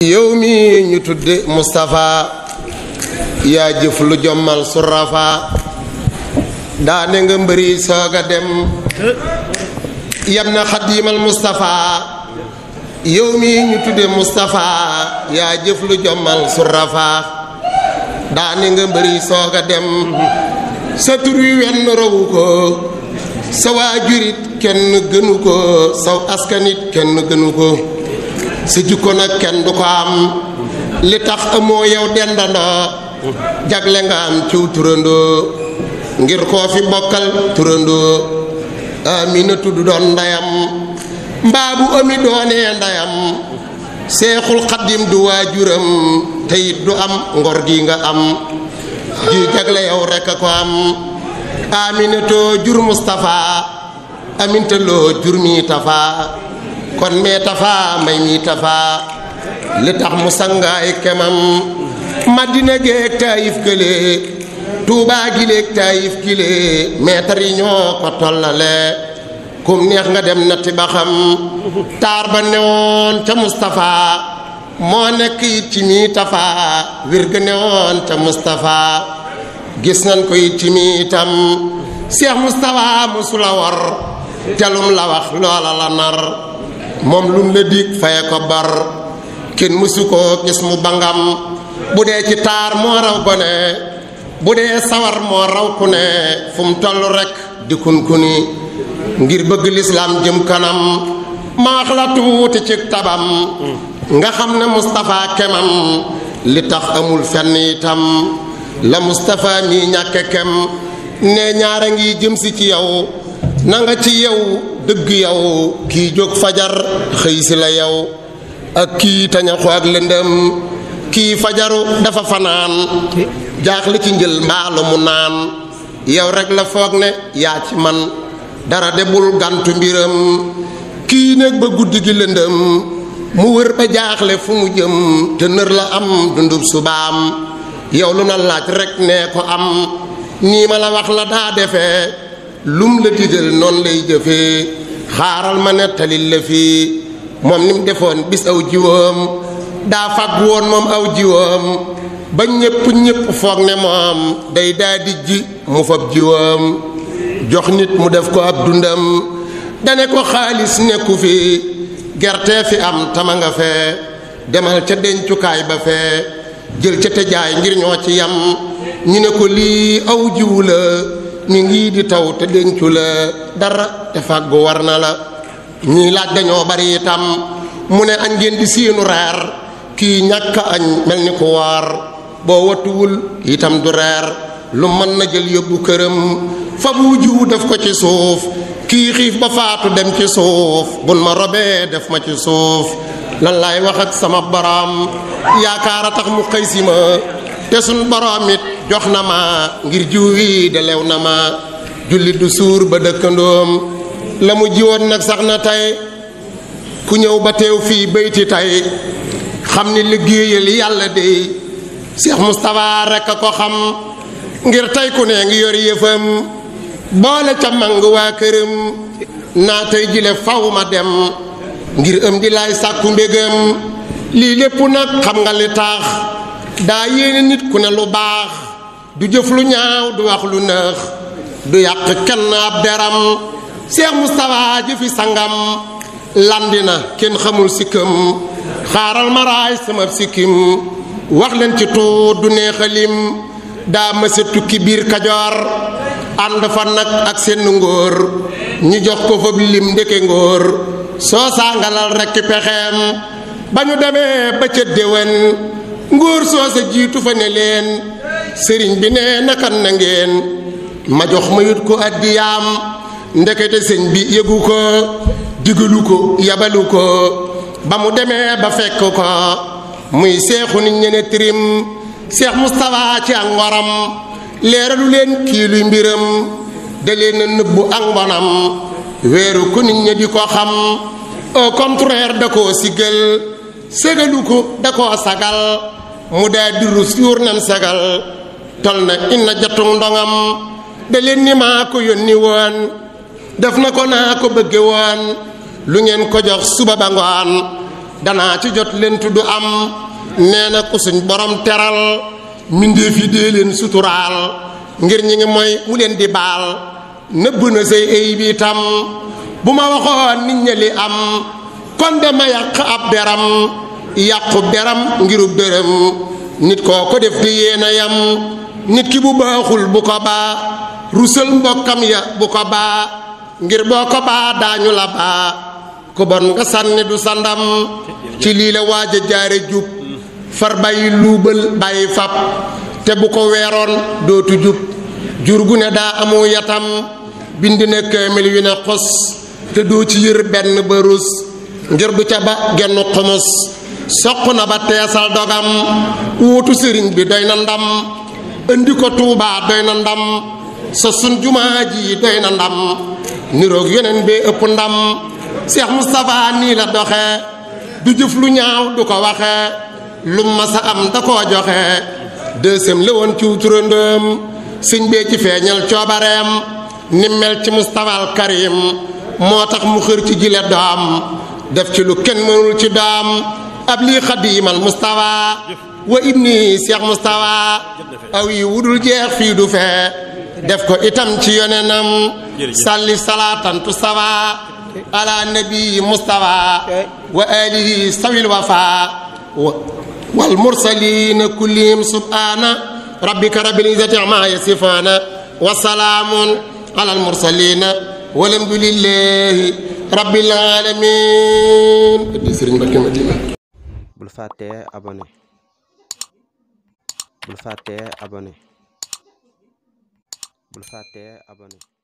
yow mi ñu tudd Moustapha yaa jëf lu jommal surafa daane nga mbëri sooga dem yow mi ñu tudde yaa jëf lu jommal surafa daane nga mbëri sooga dem sa tur wi wenn rowu ko sa waajurit kenn gënu ko saw askanit kenn gënu ko si jikko nag kenn du ko am li tax amoo yow dendandoo jagle nga am ciw turandoo ngir koo fi bokkal turandoo amina tudd doon ndeyam mbaa bu ami doonee ndeyam seexul xaddim du waajuram te du am ngor gi nga am ji jagle yow rek a ko am aminatoo jur Mustapha amintaloo jur mi tafa kon mee tafaa may mii tafaa li tax mu sangaay kemam madina géeg taayif kële tuubaa gi léeg taayif kile yi ñoo ko tollale kum neex nga dem natti ba taar ba newoon ca Mustapha moo nekk it ci mii tafaa wér ga newoon ca Mustapha gis nañ ko it ci mii itam Cheikh Mustapha musula war telum la wax loola la nar moom lun la dig faye ko bar kin musu koo gis mu bangam bu dee ci taar moo raw gone bu dee sawar moo raw ku ne fu mu rekk rek di kunkuni ngir bëgg lislaam jëm kanam maax la tuuti ci tabam nga xam ne Moustapha kemam li tax amul fenn itam la Moustapha mi ñàkke kem ne ñaara ngi jëm si ci yow na nga ci yow dëgg yow kii jóg fajar xëy la yow ak kii tañaxu ak lëndëm kii fajaru dafa fanaan jaaxle ci njël mbaalu mu naan yow rekk la foog ne yaa ci man dara debul gantu mbiram kii nekk ba guddi gi lëndëm mu wër ba jaaxle fu mu jëm te nër la am dundub subaam yow lu na laaj rekk nee ko am nii ma la wax la daa defee lum la digal noonu lay jëfee xaaral ma nettali la fii moom ni defoon bis aw jiwam daa fàgg woon moom aw jiwam ba ñépp ñépp foog ne moom day daa di ji mu fab jiwam jox nit mu def ko ab dundam dane ko xaalis nekku fi gerte fi am tama nga fee demal ca dencukaay ba fee jël ca te jaay ngir ñoo ci yam ñu ne ko lii aw jiwu la mi ngi di taw te dencu la dara te fàggu war na la ñii laaj dañoo bari itam mu ne añ ngeen di siinu reer kii ñàkk añ mel ni ku waar boo wattuwul itam du reer lu mën na jël yóbbu këram fa bu jiwu def ko ci suuf kii xiif ba faatu dem ci suuf bun ma robee def ma ci suuf lan wax ak sama baram yaakaar a tax mu xëy si ma te suñ boroom jox na ma ngir jiw wii de na ma jullit du suur ba dëkkandoom la mu jiwoon nag sax na tey ku ñëw ba teew fii bayti tey xam ni liggéeyal yàlla dey Cheikh Moustapha rekk a ko xam ngir tey ku ne ngi yor yëfam boole ca mang waa këram naa tey jile faw dem ngir ëm di lay sàkku mbégam lii lépp nag xam nga li taax daa yéene nit ku ne lu baax du jëf lu ñaaw du wax lu nëx du yàq kenn ab deram Cheikh Moustapha jëfi sangam làndina kenn xamul sikkam xaaral maraay sama sikkim wax leen ci tuut du neexalim daa mësa tukki biir kajoor ànd fa nag ak seen ngóor ñu jox ko fab lim ndeke ngóor soo saangalal rekk pexeem ba ñu demee ba ca déwén nguur soose jiitu fa ne leen sëriñ bi nee nakan na ngeen ma jox ma yut ko addiyaam ndekete sëñ bi yëgu ko digalu ko yabalu ko ba mu demee ba fekk ko muy seexu nit ñene tirim seex Moustapha ci ak leeralu leen kii luy mbiram da leen nëbbu ak weeru ku nit ñi di ko xam au contraire da koo siggal ségalu ko da koo sagal mu daa durus yuur nan sagal tol na inna jotum ndongam da leen maa ko yónni woon def na ko naa ko bëgge woon lu ngeen ko jox suba ba ngoon ci jot lentu tudd am nee na ku borom teral mbindéef yi dee leen suturaal ngir ñi ngi mooy mu leen di baal nëbb na say ay bi itam bu ma waxoon nit ña li am kon dama yàq ab deram yàqu deram ngiru dërëm nit koo ko def di yéen a yam nit ki bu baaxul bu ko baa rusal mbokkam ya bu ko baa ngir boo ko baa daañu la baa ku bon nga sànni du sa ci liila la waaj a jaare jub far bàyyi luubal bàyyi fab te bu ko weeroon dootu jub jur gu ne daa amu yatam bind na kaamil yu ne xos te doo ci yër benn ba rus ngir du ca ba genn xumus soq na ba teesal dogam wuutu sëriñ bi doy na ndam indi ko tuubaa doy na ndam sa sun jumaa ji doy na ndam niroog yeneen bee ëpp ndam Cheikh Moustapha nii la doxe du jëf lu ñaaw du ko waxe lu masa am da koo joxe deuxième la woon ciw turandëm sëñ bee ci feeñal coobareem ni ci Moustapha Karim moo tax mu xër ci jile doom def ci lu kenn mënul ci doom ab lii xadiimal mustawa wa ibni seex mustawa aw wudul jeex fii du def ko itam ci yonenam salli salaatan tustawa ala nabii mustawa wa alihi sawil wafa wal mursalina kullihim subhana rabbika rabbil izzati amma yasifana wa salaamun ala al mursalina walhamdulillahi rabbil alamin di sëriñ Mbacké Madina bul fàttee abone bul fàttee abonné bul